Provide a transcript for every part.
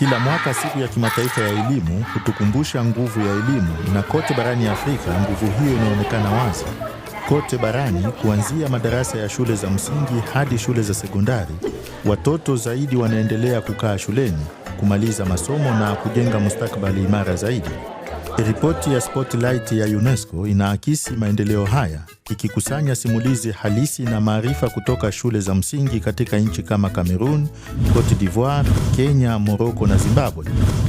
Kila mwaka siku ya kimataifa ya elimu hutukumbusha nguvu ya elimu, na kote barani Afrika nguvu hiyo inaonekana wazi. Kote barani, kuanzia madarasa ya shule za msingi hadi shule za sekondari, watoto zaidi wanaendelea kukaa shuleni, kumaliza masomo na kujenga mustakabali imara zaidi. Ripoti ya Spotlight ya UNESCO inaakisi maendeleo haya ikikusanya simulizi halisi na maarifa kutoka shule za msingi katika nchi kama Cameroon, Cote d'Ivoire, Kenya, Morocco na Zimbabwe.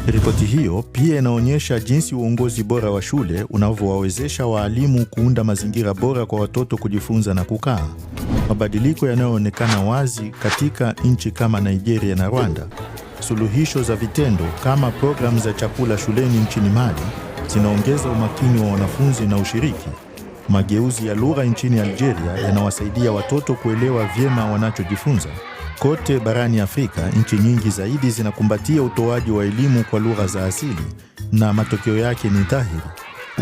Ripoti hiyo pia inaonyesha jinsi uongozi bora wa shule unavyowawezesha waalimu kuunda mazingira bora kwa watoto kujifunza na kukaa. Mabadiliko yanayoonekana wazi katika nchi kama Nigeria na Rwanda. Suluhisho za vitendo kama programu za chakula shuleni nchini Mali zinaongeza umakini wa wanafunzi na ushiriki. Mageuzi ya lugha nchini Algeria yanawasaidia watoto kuelewa vyema wanachojifunza. Kote barani Afrika, nchi nyingi zaidi zinakumbatia utoaji wa elimu kwa lugha za asili na matokeo yake ni dhahiri.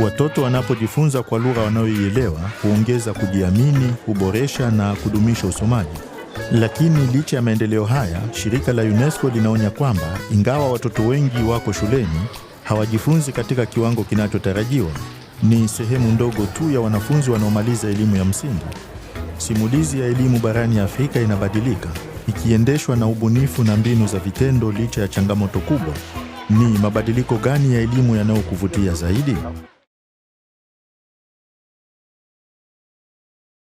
Watoto wanapojifunza kwa lugha wanayoielewa huongeza kujiamini, huboresha na kudumisha usomaji. Lakini licha ya maendeleo haya, shirika la UNESCO linaonya kwamba ingawa watoto wengi wako shuleni, hawajifunzi katika kiwango kinachotarajiwa. Ni sehemu ndogo tu ya wanafunzi wanaomaliza elimu ya msingi. Simulizi ya elimu barani Afrika inabadilika, ikiendeshwa na ubunifu na mbinu za vitendo licha ya changamoto kubwa. Ni mabadiliko gani ya elimu yanayokuvutia zaidi?